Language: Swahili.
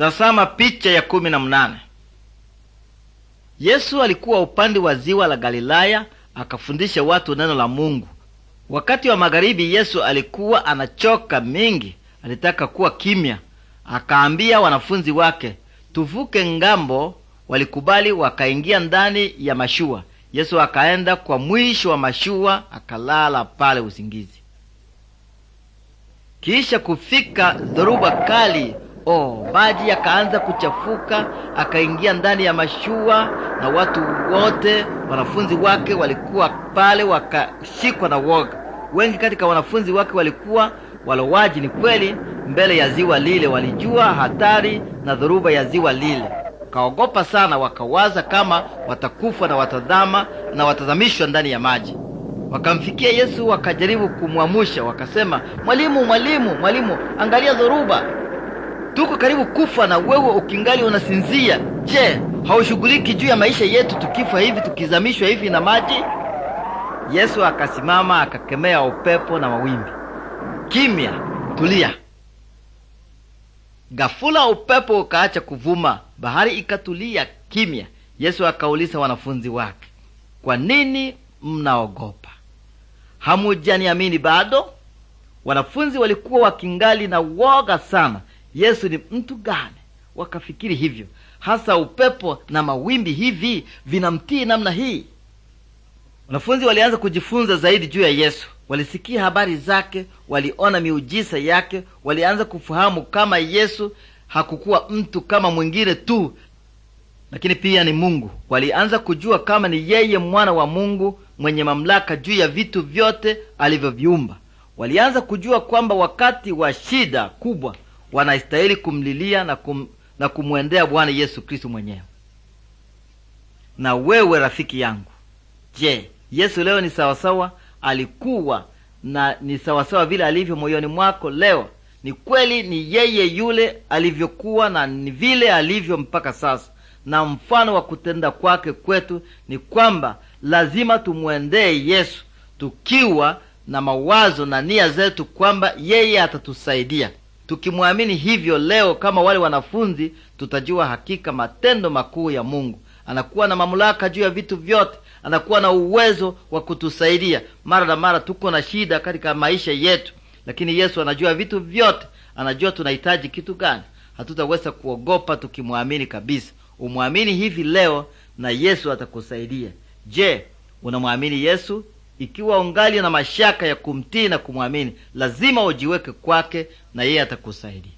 Tazama picha ya kumi na mnane. Yesu alikuwa upande wa ziwa la Galilaya akafundisha watu neno la Mungu. Wakati wa magharibi, Yesu alikuwa anachoka mingi, alitaka kuwa kimya. Akaambia wanafunzi wake, tuvuke ngambo. Walikubali, wakaingia ndani ya mashua. Yesu akaenda kwa mwisho wa mashua akalala pale usingizi. Kisha kufika dhoruba kali Oh, maji yakaanza kuchafuka, akaingia ndani ya mashua na watu wote wanafunzi wake walikuwa pale, wakashikwa na woga. Wengi katika wanafunzi wake walikuwa walowaji. Ni kweli, mbele ya ziwa lile walijua hatari na dhoruba ya ziwa lile, wakaogopa sana, wakawaza kama watakufa na watazama na watazamishwa ndani ya maji. Wakamfikia Yesu, wakajaribu kumwamusha, wakasema, Mwalimu, mwalimu, mwalimu, angalia dhoruba tuko karibu kufa na wewe ukingali unasinzia. Je, haushughuliki juu ya maisha yetu tukifa hivi tukizamishwa hivi na maji? Yesu akasimama akakemea upepo na mawimbi. Kimya, tulia. Ghafula upepo ukaacha kuvuma, bahari ikatulia kimya. Yesu akauliza wanafunzi wake, kwa nini mnaogopa? Hamujaniamini bado? Wanafunzi walikuwa wakingali na woga sana, Yesu ni mtu gani wakafikiri hivyo? Hasa upepo na mawimbi hivi vinamtii namna hii? Wanafunzi walianza kujifunza zaidi juu ya Yesu. Walisikia habari zake, waliona miujiza yake, walianza kufahamu kama Yesu hakukuwa mtu kama mwingine tu, lakini pia ni Mungu. Walianza kujua kama ni yeye mwana wa Mungu mwenye mamlaka juu ya vitu vyote alivyoviumba. Walianza kujua kwamba wakati wa shida kubwa wanastahili kumlilia na, kum, na kumwendea Bwana Yesu Kristu mwenyewe. Na wewe rafiki yangu, je, Yesu leo ni sawasawa alikuwa na ni sawasawa vile alivyo moyoni mwako leo? Ni kweli ni yeye yule alivyokuwa na ni vile alivyo mpaka sasa, na mfano wa kutenda kwake kwetu ni kwamba lazima tumwendee Yesu tukiwa na mawazo na nia zetu kwamba yeye atatusaidia. Tukimwamini hivyo leo kama wale wanafunzi, tutajua hakika matendo makuu ya Mungu. Anakuwa na mamlaka juu ya vitu vyote, anakuwa na uwezo wa kutusaidia. Mara na mara tuko na shida katika maisha yetu, lakini Yesu anajua vitu vyote, anajua tunahitaji kitu gani. Hatutaweza kuogopa tukimwamini kabisa. Umwamini hivi leo na Yesu atakusaidia. Je, unamwamini Yesu? ikiwa ungali na mashaka ya kumtii na kumwamini, lazima ujiweke kwake na yeye atakusaidia.